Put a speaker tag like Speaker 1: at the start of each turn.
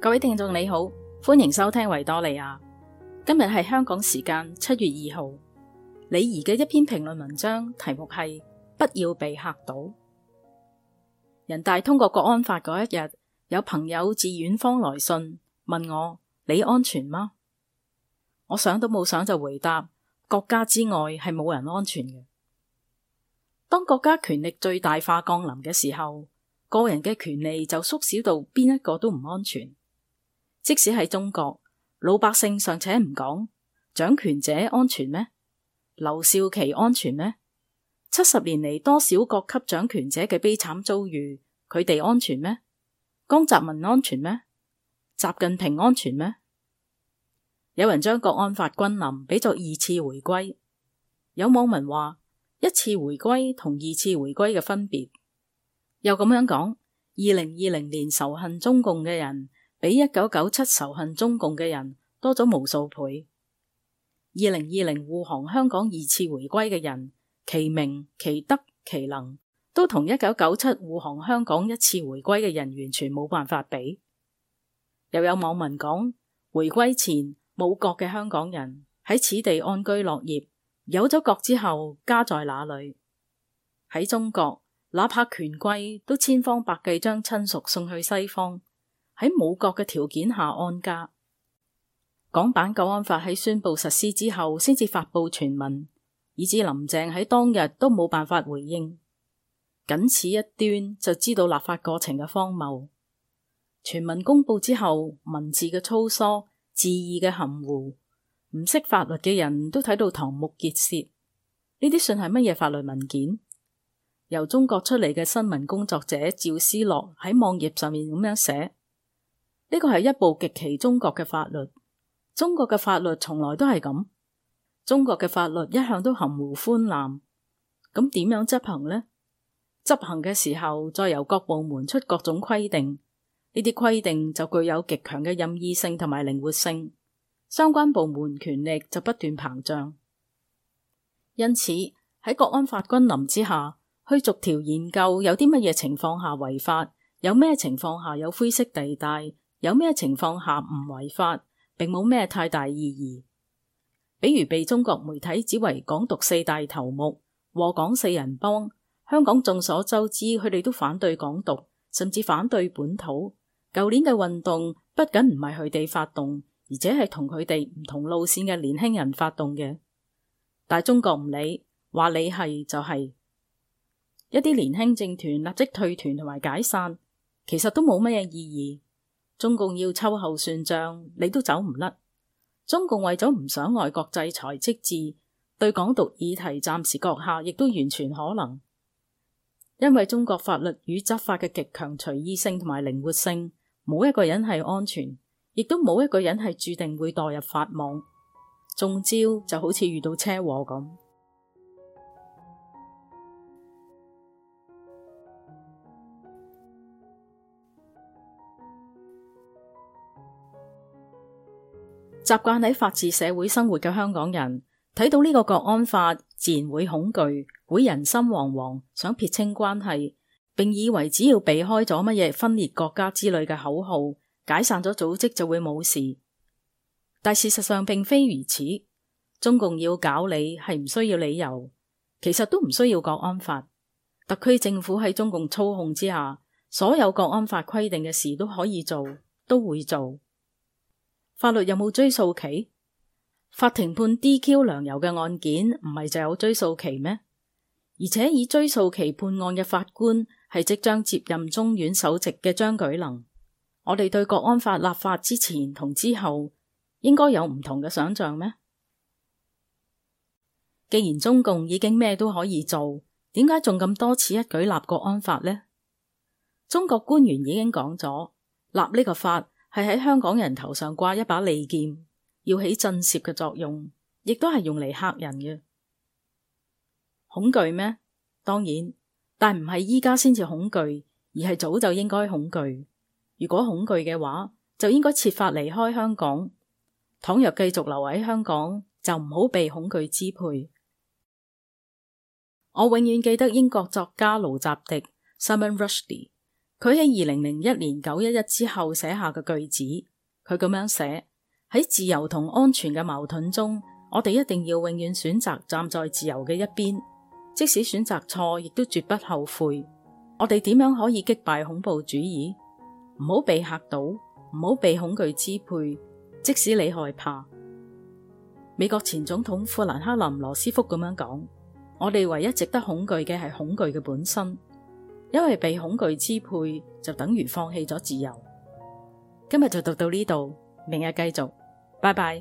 Speaker 1: 各位聽眾你好，歡迎收聽維多利亞。今日係香港時間七月二號。李怡嘅一篇評論文章，題目係不要被嚇倒。人大通過國安法嗰一日。有朋友自遠方來信問我：你安全嗎？我想都冇想就回答：國家之外係冇人安全嘅。當國家權力最大化降臨嘅時候，個人嘅權利就縮小到邊一個都唔安全。即使喺中國，老百姓尚且唔講，掌權者安全咩？劉少奇安全咩？七十年嚟，多少各級掌權者嘅悲慘遭遇，佢哋安全咩？江澤民安全咩？習近平安全咩？有人將國安法君臨比作二次回歸，有網民話一次回歸同二次回歸嘅分別。又咁樣講，二零二零年仇恨中共嘅人比一九九七仇恨中共嘅人多咗無數倍。二零二零護航香港二次回歸嘅人，其名其德其能，都同一九九七護航香港一次回歸嘅人完全冇辦法比。又有網民講，回歸前冇國嘅香港人喺此地安居樂業，有咗國之後家在哪裏？喺中國，哪怕權貴都千方百計將親屬送去西方，喺冇國嘅條件下安家。港版國安法喺宣布實施之後，先至發布全文，以致林鄭喺當日都冇辦法回應。僅此一端，就知道立法過程嘅荒謬。全文公布之後，文字嘅粗疏，字義嘅含糊，唔識法律嘅人都睇到瞠目結舌。呢啲信係乜嘢法律文件？由中國出嚟嘅新聞工作者趙思樂喺網頁上面咁樣寫：呢個係一部極其中國嘅法律。中國嘅法律從來都係咁，中國嘅法律一向都含糊寬濫。咁點樣執行呢？執行嘅時候，再由各部門出各種規定，呢啲規定就具有極強嘅任意性同埋靈活性，相關部門權力就不斷膨脹。因此喺國安法君臨之下，去逐條研究有啲乜嘢情況下違法，有咩情況下有灰色地帶，有咩情況下唔違法，並冇咩太大意義。比如被中國媒體指為港獨四大頭目和港四人幫。香港眾所周知，佢哋都反對港獨，甚至反對本土。舊年嘅運動不僅唔係佢哋發動，而且係同佢哋唔同路綫嘅年輕人發動嘅。但中國唔理，話你係就係。一啲年輕政團立即退團同埋解散，其實都冇乜嘢意義。中共要秋後算賬，你都走唔甩。中共為咗唔想外國制裁，即治對港獨議題暫時擱下，亦都完全可能。因為中國法律與執法嘅極強隨意性同埋靈活性，冇一個人係安全，亦都冇一個人係注定會墮入法網，中招就好似遇到車禍咁。習慣喺法治社會生活嘅香港人，睇到呢個國安法，自然會恐懼。會人心惶惶，想撇清關係，並以為只要避開咗乜嘢分裂國家之類嘅口號，解散咗組織就會冇事。但事實上並非如此。中共要搞你係唔需要理由，其實都唔需要國安法。特區政府喺中共操控之下，所有國安法規定嘅事都可以做，都會做。法律有冇追訴期？法庭判 DQ 梁游嘅案件唔係就有追訴期咩？而且以追溯期判案嘅法官係即將接任中院首席嘅張舉能，我哋對國安法立法之前同之後應該有唔同嘅想象咩？既然中共已經咩都可以做，點解仲咁多此一舉立國安法呢？中國官員已經講咗，立呢個法係喺香港人頭上掛一把利劍，要起震懾嘅作用，亦都係用嚟嚇人嘅。恐懼咩？當然，但唔係依家先至恐懼，而係早就應該恐懼。如果恐懼嘅話，就應該設法離開香港。倘若繼續留喺香港，就唔好被恐懼支配。我永遠記得英國作家魯什迪 （Salman Rushdie） 佢喺二零零一年九一一之後寫下嘅句子。佢咁樣寫：喺自由同安全嘅矛盾中，我哋一定要永遠選擇站在自由嘅一邊。即使選擇錯，亦都絕不後悔。我哋點樣可以擊敗恐怖主義？唔好被嚇到，唔好被恐懼支配。即使你害怕，美國前總統富蘭克林羅斯福咁樣講：我哋唯一值得恐懼嘅係恐懼嘅本身，因為被恐懼支配就等於放棄咗自由。今日就讀到呢度，明日繼續。拜拜。